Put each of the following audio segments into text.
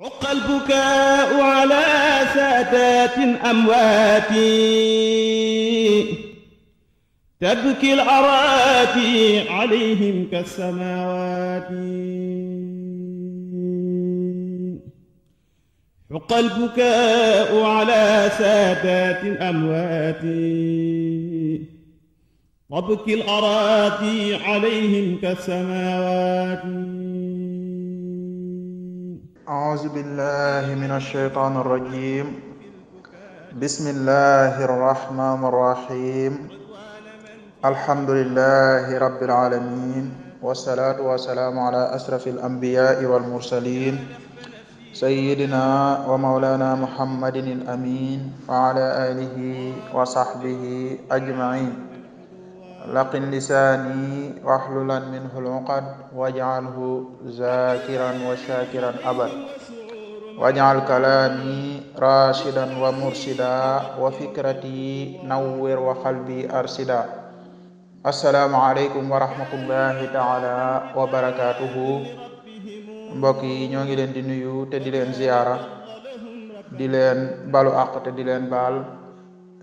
عق البكاء على سادات أمواتي تبكي الأراتي عليهم كالسماوات حق البكاء على سادات أمواتي تبكي الأراتي عليهم كالسماوات أعوذ بالله من الشيطان الرجيم بسم الله الرحمن الرحيم الحمد لله رب العالمين والصلاة والسلام على أشرف الأنبياء والمرسلين سيدنا ومولانا محمد الأمين وعلى آله وصحبه أجمعين laqin lisaani waxlulan minhu luqad wajcalhu zakiran wa shakiran abad wajcal kalaami rashidan wa mursida wa fikrati nawwir wa qalbi arsida assalaamu aleykum wa rahmatullahi wa barakatuhu mbokk yi ñoo ngi leen di nuyu te di leen ziyaara di leen balu àq te di leen baal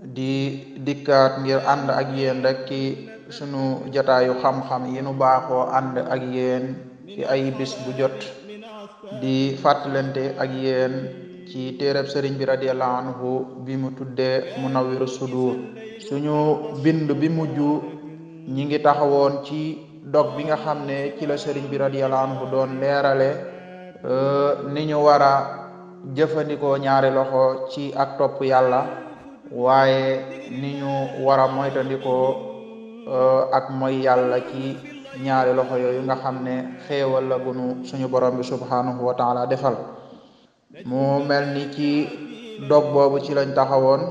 di dikkaat ngir ànd ak yéen rek ci sunu jataayu xam-xam yi baaxoo ànd ak yéen ci ay bis bu jot di fàttalante ak yeen ci téereb sëriñ bi radiyallahu bi mu tuddee Munawwirus Sudur suñu bind bi mujj ñi ngi taxawoon ci dog bi nga xam ne ci la sëriñ bi radiyallahu anhu doon leerale euh, ni ñu war a jëfandikoo ñaari loxo ci ak topp yàlla waaye ni ñu war a moytandikoo euh, ak moy yàlla ci ñaari loxo yooyu nga xam ne xéewal la gunu suñu borom bi subhanahu wa defal mu mel ni ci dog boobu ci lañ taxawoon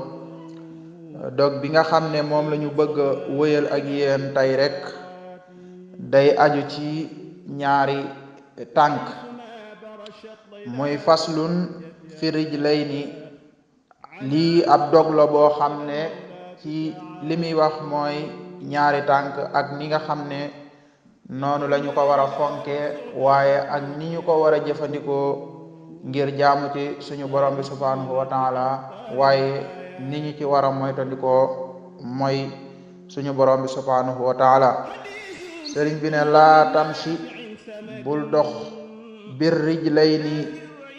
dog bi nga xam ne moom lañu ñu bëgg a wëyal ak yéen tey rek day aju ci ñaari tànk muy faslun firij lay ni lii ab dog la boo xam ne ci li muy wax mooy ñaari tànk ak ni nga xam ne noonu la ñu ko war a fonkee waaye ak ni ñu ko war a jëfandikoo ngir jaamu ci suñu borom bi subhanahu wa taala waaye ni ñu ci war a moytandikoo mooy suñu borom bi subhanahu wa taala sëriñ bi ne tamshi bul dox bir rijlayni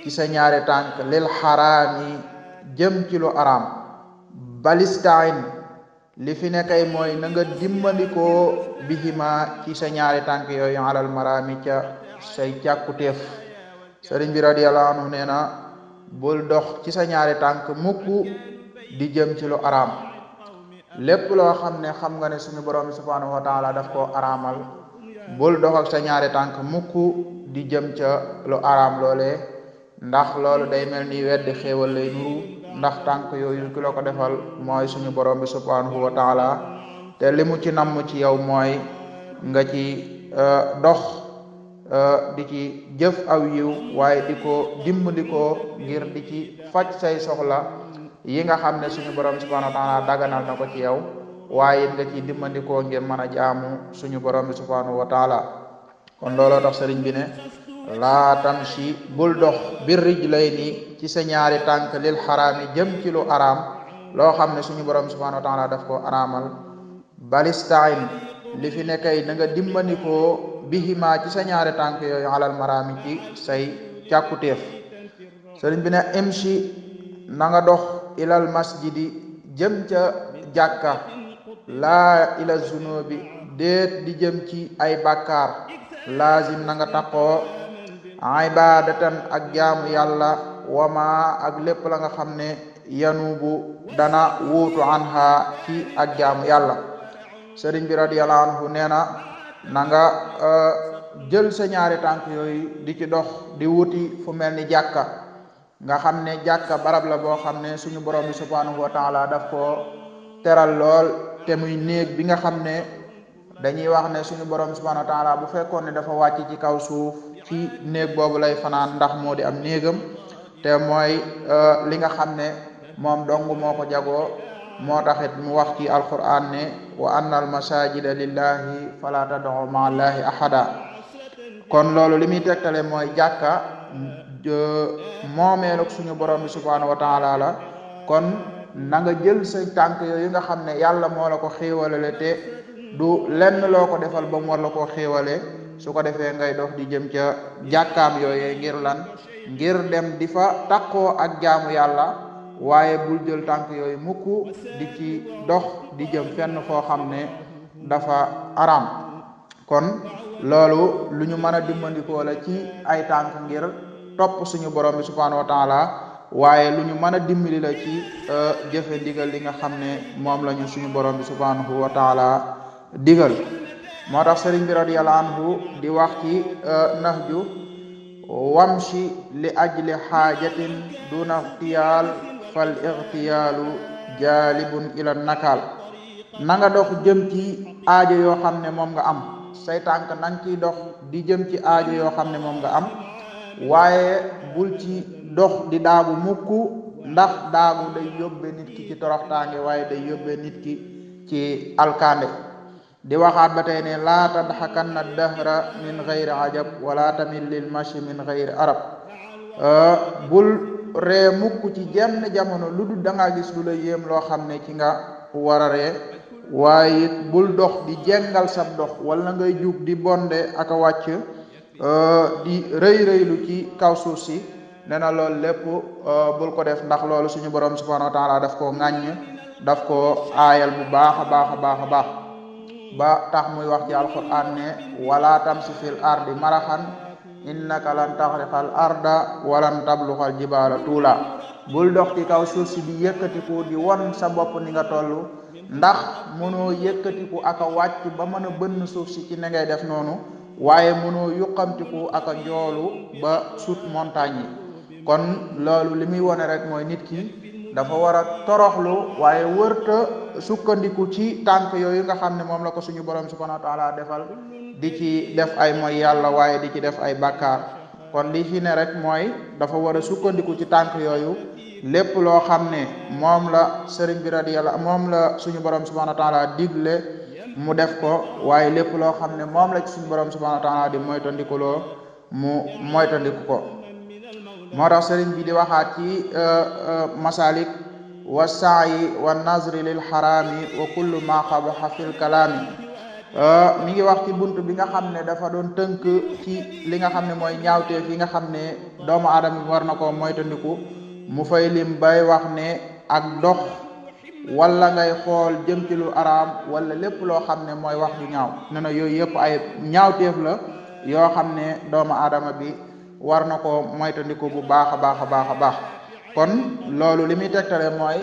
ci sa ñaari tànk lil xaraami jëm ci lu araam balistain li fi ne kay mooy nanga nga dimbandikoo bihima ci sa ñaari tànk yooyu alal maraami ca say càkkutéef sëriñ bi radiyallahu anhu nee na bul dox ci sa ñaari tànk mukk di jëm ci lu araam lépp loo xam ne xam nga ne suñu borom bi subhanahu wa taala koo araamal bul dox ñaari tànk mukk di jëm ca lu araam loole ndax loolu day mel ni weddi lay nuru ndax tànk yooyu ki la ko defal mooy suñu borom bi subhanahu wa taala te li mu ci namm ci yow mooy nga ci euh, dox euh, di ci jëf aw yiw waaye di ko dimbali ngir di ci faj say soxla yi nga xam ne suñu borom bi subhanahu wa taala daganal na ko ci yow waaye nga ci dimbali ko ngir mën a jaamu suñu borom bi subhanahu wa taala kon tax sëriñ bi ne laa tamshi bul dox bir rijlayni ci sa ñaari tànk lil xaraami jëm ci lu araam loo xam ne suñu borom subhanahu wa def ko araamal balistain li fi nekkay na nga dimbandikoo bihimaa ci sa ñaari tànk yooyu alal maraami ci say càkkutéef sëriñ bi ne imshi na nga dox ilal masjidi jëm ca jàkka laa ila zunubi déet di jëm ci ay bàkkaar laazim na takkoo ibadatan ak jaamu yàlla wama ak lépp la nga xam ne yanubu dana wuutu anha ci ak jaamu yàlla sëriñ bi radiyallahu anhu nee na na nga euh, jël sa ñaari tànk yooyu di ci dox di wuti fu mel ni jàkka nga xam ne jàkka barab la boo xam ne suñu borom bi subhanahu wa taala daf ko teral lool te muy néeg bi nga xam ne dañuy wax ne suñu borom subhanahu wa bu fekkoon ne dafa wàcc ci kaw suuf ci néeg boobu lay fanaan ndax moo di am néegam te mooy euh, li nga xam ne moom dong moo ko jagoo moo taxit mu wax ci alquran wa anna al masajida lillahi fala tad'u loolu li muy tegtale mooy jàkka euh, moomeelug suñu borom bi subhanahu wa taala kon na jël sa tànk yooyu nga xam ne yàlla moo la ko xéewalale te du lenn loo ko defal ba mu war la koo xéewalee su ko defee ngay dox di jëm ca jàkkaam yooyee ngir lan ngir dem di fa taqoo ak jaamu yàlla waaye bul jël tànk yooyu mukk di ci dox di jëm fenn foo xam ne dafa araam kon loolu lu ñu mën a dimbandikoo la ci ay tànk ngir topp suñu borom bi subhaanahu wa taala waaye lu ñu mën a dimbali la ci euh, jëfe ndigal li nga xam ne moom la suñu borom bi subhaanahu wa taala digal moo tax sëriñ bi radiyallahu anhu di wax ci euh, nahju wamshi li ajli xaajatin duna ixtiyaal fal ixtiyaalu jaalibun ila nakaal na nga dox jëm ci aajo yoo xam ne moom nga am say tànk na ciy dox di jëm ci aajo yoo xam ne moom nga am waaye bul ci dox di daagu mukk ndax daagu day yóbbe nit ki ci toroxtaange waaye day yóbbe nit ki ci alkaande di waxaat ba tey ne laata laa na dahra min xayri ajab wala tamit lil mashi min xayri arab euh, bul ree mukk ci jenn jamono lu dul da ngaa gis lu la yéem loo xam ne ci nga war a ree waaye it bul dox di jengal sab dox wala ngay juug di bonde ak wàcc euh, di rëy rëylu ci kaw suuf si nee na loolu lépp euh, bul ko def ndax loolu suñu borom subhanahu wa taala daf koo ŋàññ daf koo aayal bu baax a baax a baax a baax ba tax muy wax ci alquran ne wala tamsi fil ardi maraxan innaka lan taxriqal arda walan tabluxal jibaala tuula bul dox ci kaw suuf si di yëkkatiku di won sa bopp ni nga toll ndax mënoo yëkkatiku ak a wàcc ba mën a bënn suuf si ci ne ngay def noonu waaye mënoo yuqamtiku ak a njoolu ba sut montagne yi kon loolu li muy wone rek mooy nit ki dafa war a toroxlu waaye wërta sukkandiku ci tànk yooyu nga xam ne moom la ko suñu borom subhanahu wa taala defal di ci def ay mooy yàlla waaye di ci def ay bàkkaar kon li fi rek mooy dafa war a sukkandiku ci tànk yooyu lépp loo xam ne moom la sëriñ bi yàlla moom la suñu borom subhanahu wa taala digle mu def ko waaye lépp loo xam ne moom la ci suñu borom subhanahu wa taala di loo mu moytandiku ko moo tax sëriñ bi waxaat ci euh, euh, masalik wa saayi wa nazri lil xaraami wa kullu ma qabaxa fil kalaami euh, mi ngi wax ci bunt bi nga xam ne dafa doon tënk ci li nga xam ne mooy ñaawteef yi nga xam ne doomu aadama bi war na ko moytandiku mu fay lim bay wax ne ak dox wala ngay xool jëm araam wala lépp loo xam ne mooy wax ju ñaaw ne na yooyu yëpp ay ñaawteef la yoo xam ne doomu aadama bi war na koo moytandiku bu baax a baax a baax a baax kon loolu li muy tegtale mooy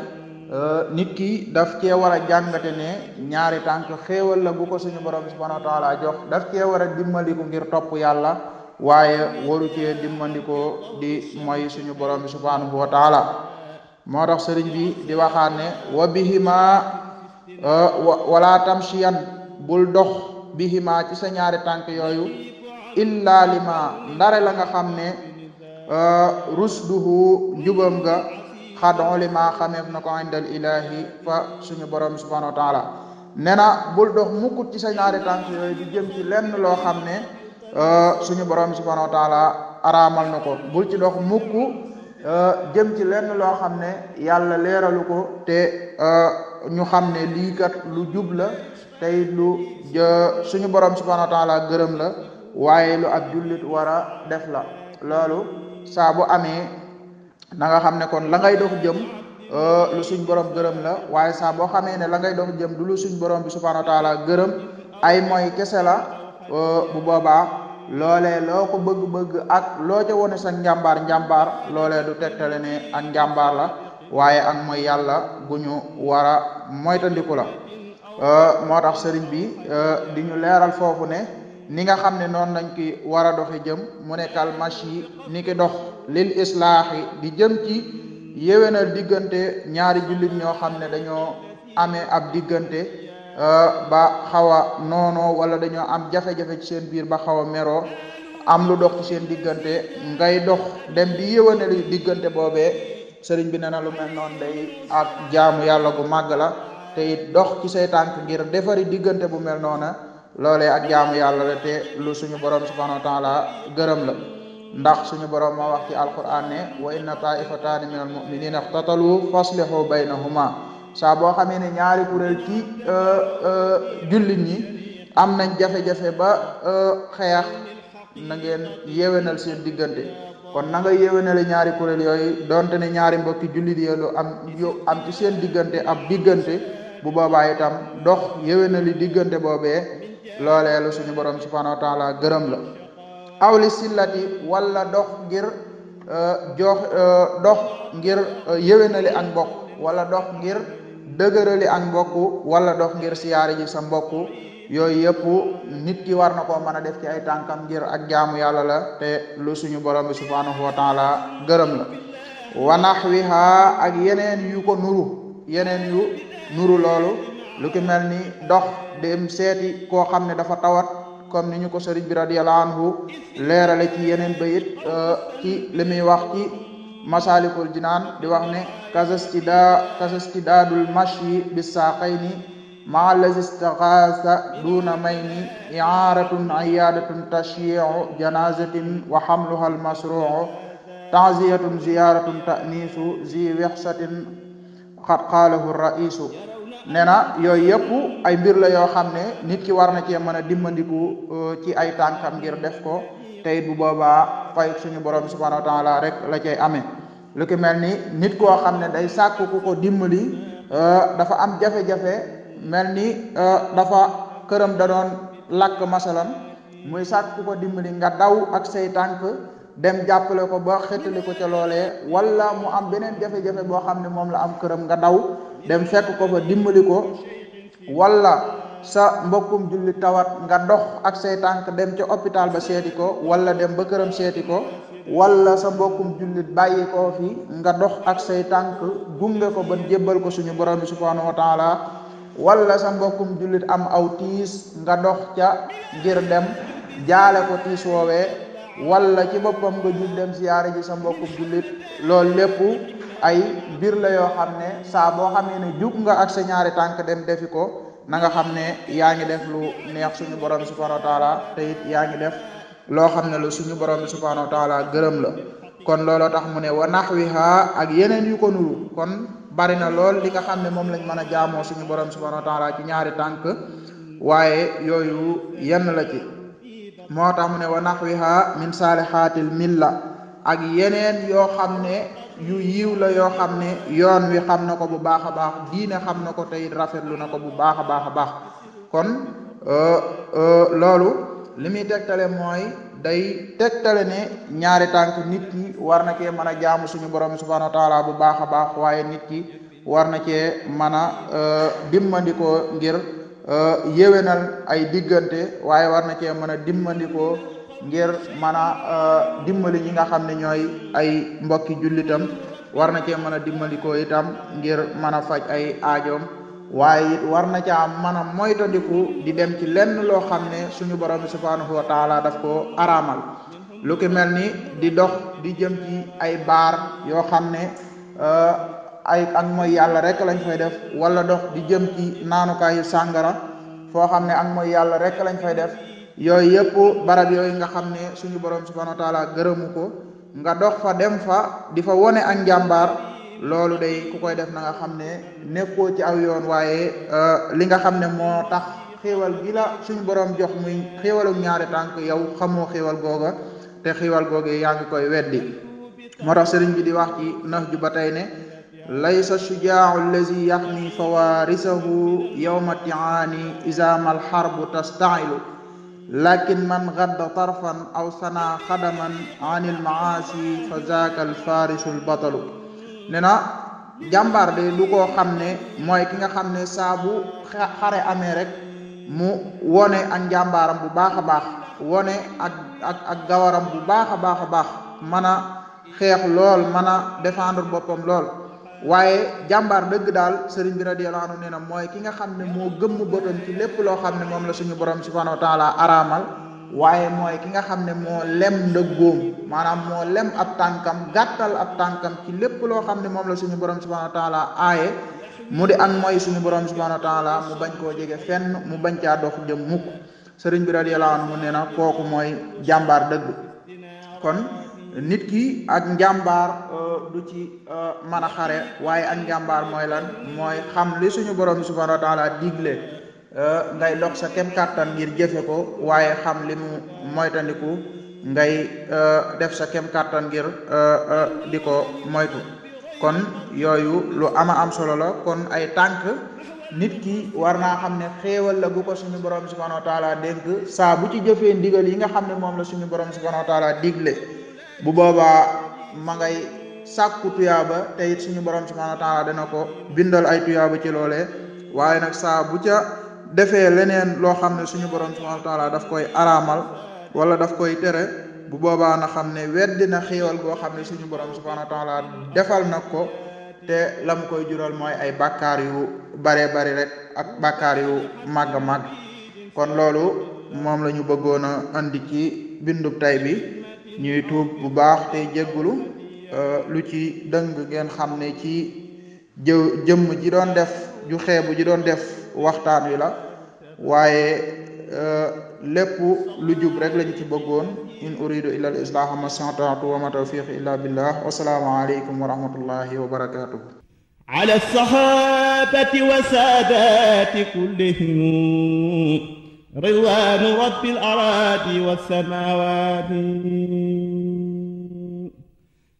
euh, nit ki daf cee war a jàngate ne ñaari tànk xéewal la bu ko suñu borom subhanahu wa taala jox daf cee war a dimbandiku ngir topp yàlla waaye waru cee dimbandikoo di moy suñu borom bi subhanahu wa taala moo tax sëriñ bi di waxaat ne wa bihima euh, wala tamshiyan bul dox bihima ci sa ñaari tànk yooyu illa lima ndare la nga xam ne euh, rusduhu njubam ga xadon lima xameef na ko indal ilahi fa suñu borom subhanahu wa taala nee na bul dox mukkut ci sa ñaari tànk yooyu di jëm ci lenn loo xam ne euh, suñu borom subhanahu wa taala araamal na ko bul ci dox mukk euh, jëm ci lenn loo xam ne yàlla leeralu ko te ñu xam ne lii lu jub la tey lu suñu borom subhanahu wa taala gërëm la waaye lu ab jullit war a def la loolu saa bu amee na nga xam ne kon la ngay dox jëm euh, lu suñ borom gërëm la waaye saa boo xamee ne la ngay dox jëm du lu suñ borom bi subhanahu a taala gërëm ay moy kese la euh, bu boobaa loole loo ko bëgg-bëgg ak loo wone sa njàmbaar njàmbaar loolee du tegtale ne an njàmbaar la waaye ak mooy yàlla gu ñu war a moytandiku la euh, moo tax sëriñ bi di ñu leeral foofu ne ni nga xam ne noonu lañ ki war a doxe jëm mu nekkal mash yi ni ki dox lil islaahi di jëm ci yéwénal diggante ñaari jullit ñoo xam ne dañoo amee ab diggante euh, ba xaw a noonoo wala dañoo am jafe-jafe ci seen biir ba xaw a meroo am lu dox ci seen diggante ngay dox dem di yéwénal diggante boobe sëriñ bi nee na lu mel noonu day ak jaamu yàlla gu màgg la te dox ci seytaan tànk ngir defari diggante bu mel noona loole ak jaamu yàlla la te lu suñu borom subhanahu wa la gërëm la ndax suñu borom ma wax ci alquran ne wa inna taifataani min almuminina ixtatalu faslihu baynahuma saa boo xamee ne ñaari kuréel ci euh, euh, jullit yi am nañ jafe-jafe ba euh, xeex na ngeen yéwénal seen diggante kon na nga yéwénale ñaari kuréel yooyu donte ne ñaari mbokki jullit yi lu am yu am ci seen diggante ab diggante bu boobaa itam dox yéwénali diggante boobee loolee lu suñu borom subhanahu wa taala gërëm la awli sillati wala dox ngir euh, euh, dox ngir euh, yéwénali ak mbokk wala dox ngir dëgërali ak mbokk wala dox ngir siyaari ji sa mbokk yooyu yëpp nit ki war ko koo def ci ay tànkam ngir ak jaamu yàlla la te lu suñu borom bi subhanahu wa taala gërëm la wanax wi ha ak yeneen yu ko nuru yeneen yu nuru loolu lu ki mel ni dox dem seeti koo xam ne dafa tawat comme ni ñu ko sëriñ bi radiyallahu anhu leerale ci yeneen bayit ki euh, li muy wax ci masalikul jinaan di wax ne kasastida kasastidaadul mashi bis saaqayni maa lazi istaxaasa duuna mayni iaaratun iyaadatun tashyiu janazatin wa xamluha almasruu taaziyatun ziyaaratun ta'niisu zi wixsatin qad qaalahu raisu nee na yooyu yëpp ay mbir la yoo xam ne nit ki war na cee mën a dimbandiku euh, ci ay tànkam ngir def ko tey du boobaa fay suñu borom subhanahu wa taala rek la cay amee lu ki mel ni nit koo xam ne day sàkk ku ko dimbali euh, dafa am jafe-jafe mel ni euh, dafa këram da doon lakk masalan muy sàkk ku ko dimbali nga daw ak say tànk dem jàppale ko ba xettali ko ca loole wala mu am beneen jafe-jafe boo xam ne moom la am këram nga daw dem fekk ko fa dimbali ko wala sa mbokkum julli tawat nga dox ak say tànk dem ca hôpital ba seeti ko walla dem ba këram seeti ko wala sa mbokkum jullit bàyyi koo fi nga dox ak say tànk gunge ko ba jëbbal ko suñu borom bi subhanahu wa taala wala sa mbokkum jullit am aw tiis nga dox ca ngir dem jaale ko tiis woowee wala ci boppam nga jul dem siyaare ji sa mbokkum jullit loolu lépp ay mbir la yoo xam ne saa boo xamee ne jug nga ak sa ñaari tànk dem defi ko na nga xam ne yaa ngi def lu neex suñu borom bi subhanahu wa taala te it yaa ngi def loo xam ne loo suñu borom bi subhanahu wa taala gërëm la kon looloo tax mu ne wa wi naxwiha ak yeneen yu ko kon bari na lool li nga xam ne moom lañ mën a jaamoo suñu borom bi subhanahu wa taala ci ñaari tànk waaye yooyu yenn la ci moo tax mu ne wa wi naxwiha min saalihatil milla ak yeneen yoo xam ne yu yiw la yoo xam ne yoon wi xam na ko bu baax a baax diine xam na ko tey rafetlu na ko bu baax a baax a baax kon euh, euh, loolu li muy tegtale mooy day tegtale ne ñaari tànk nit ki war na cee mën a jaamu suñu borom subhanahu wa taala bu baax a baax waaye nit ki war na cee mën a euh, dimmandikoo ngir yéwénal ay diggante waaye war na cee mën a dimmandikoo ngir mën a euh, dimbali ñi nga xam ne ñooy ay mbokki jullitam war na cee mën a dimbali ko itam ngir mën a faj ay aajoom waaye it war na caa mën a moytandiku di dem ci lenn loo xam ne suñu borom bi subhanahu wa taala daf ko araamal lu mel ni di dox di jëm ci ay baar yoo xam ne euh, ay ak mooy yàlla rek lañ fay def wala dox di jëm ci naanukaayu sangara foo xam ne ak mooy yàlla rek lañ fay def yooyu yëpp barab yooyu nga xam ne suñu borom subhanahu wa taala gërëmu ko nga dox fa dem fa di fa wone ak njàmbaar loolu day ku koy def na nga xam ne nekkoo ci aw yoon waaye euh, li nga xam ne moo tax xéewal gila suñ suñu borom jox muy xéewalu ñaari tànk yow xamoo xéewal googa te xéewal googee yaa koy weddi moo tax sëriñ bi di wax ci nax ju ba tey ne laysa shujaau allazi yaxmi fawarisahu yowma tiaani isamal xarbu tastailu lakin man gadda tarfan aw sana xadaman anil maasi fa zaaka al farisul batalu ne na de du xam ne mooy ki nga xam ne saa bu xare amee rek mu wone ak njàmbaaram bu baax a baax wone ak ak gawaram bu baax a baax a baax mën a xeex lool mën a défendre boppam lool waaye jàmbaar dëgg daal sëriñ bi radiyallahu anhu na mooy ki nga xam ne moo gëmm boppam ci lépp loo xam ne moom la suñu borom subhanahu wa taala araamal waaye mooy ki nga xam ne moo lem ndëggoom maanaam moo lem ab tànkam gàttal ab tànkam ci lépp loo xam ne moom la suñu borom subhanahu wa taala aaye mu di ak mooy suñu borom subhanahu wa taala mu bañ koo jege fenn mu bañ caa dox jëm mukk sëriñ bi radiyallahu anhu nee na kooku mooy jàmbaar dëgg kon nit ki ak njàmbaar euh, du ci euh, mën a xare waaye ak njàmbaar mooy lan mooy xam li suñu borom bi subhanahu wa taala digle euh, ngay dox sa kem kàttan ngir jëfe ko waaye xam li moytandiku ngay def sa kem kàttan ngir di ko moytu kon yooyu lu ama am solo la kon ay tànk nit ki war naa xam ne xéewal la bu ko suñu borom bi subhanahu wa taala dénk saa bu ci jëfee ndigal yi nga xam moom la suñu borom bi subhanahu wa taala digle bu boobaa ma ngay sàkku tuyaaba te it suñu borom subhanahu wa taala dana ko bindal ay tuyaaba ci loole waaye nag saa bu ca defee leneen loo xam ne suñu borom subhanahu wa taala daf koy araamal wala daf koy tere bu boobaa na xam ne weddi na xéewal goo xam ne suñu borom subhanahu wa taala defal na ko te la koy jural mooy ay bakkaar yu bare bari rek ak bakkaar yu màgg-màgg kon loolu moom lañu ñu bëggoon a andi ci bindub tay bi ñuy tuub bu baax te jéggulu euh, lu ci dëng ngeen xam ne ci jë ji doon def ju xeebu ji doon def waxtaan wi la waaye euh, lépp lu jub rek lañ ci bëggoon in uridu illa al ma stata'tu wa ma tawfiqi illa billah wa salaamu wa rahmatullahi wa barakatuh ala sahabati wa saadati kullihim ridwaan rabbil araadi wassamaawaati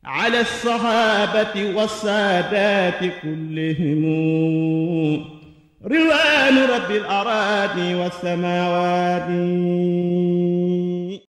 ala saxaabati wassaadaati kullihim ridwaan rabbil araadi wassamaawaati